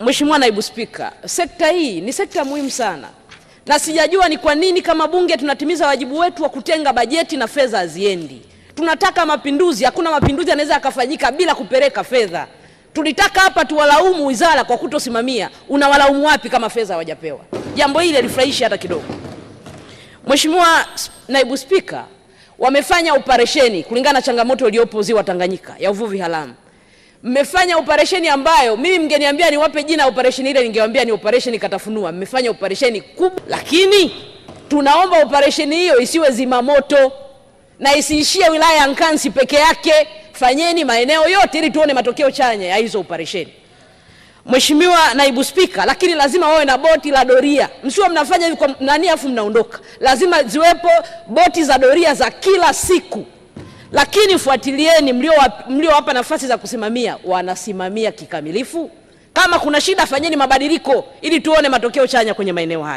Mheshimiwa Naibu Spika, sekta hii ni sekta muhimu sana, na sijajua ni kwa nini kama bunge tunatimiza wajibu wetu wa kutenga bajeti na fedha haziendi. Tunataka mapinduzi, hakuna mapinduzi yanaweza yakafanyika bila kupeleka fedha. Tulitaka hapa tuwalaumu wizara kwa kutosimamia, unawalaumu wapi kama fedha hawajapewa? Jambo hili halifurahishi hata kidogo. Mheshimiwa Naibu Spika, wamefanya operesheni kulingana na changamoto iliyopo Ziwa Tanganyika ya uvuvi haramu mmefanya operesheni ambayo mimi mngeniambia niwape jina operesheni ile ningewambia ni operesheni katafunua. Mmefanya operesheni kubwa, lakini tunaomba operesheni hiyo isiwe zimamoto na isiishie wilaya ya Nkasi peke yake. Fanyeni maeneo yote ili tuone matokeo chanya ya hizo operesheni. Mheshimiwa Naibu Spika, lakini lazima wawe na boti la doria. Msiwe mnafanya hivi kwa nani afu mnaondoka. Lazima ziwepo boti za doria za kila siku. Lakini fuatilieni mliowapa mlio nafasi za kusimamia, wanasimamia kikamilifu? Kama kuna shida, fanyeni mabadiliko ili tuone matokeo chanya kwenye maeneo hayo.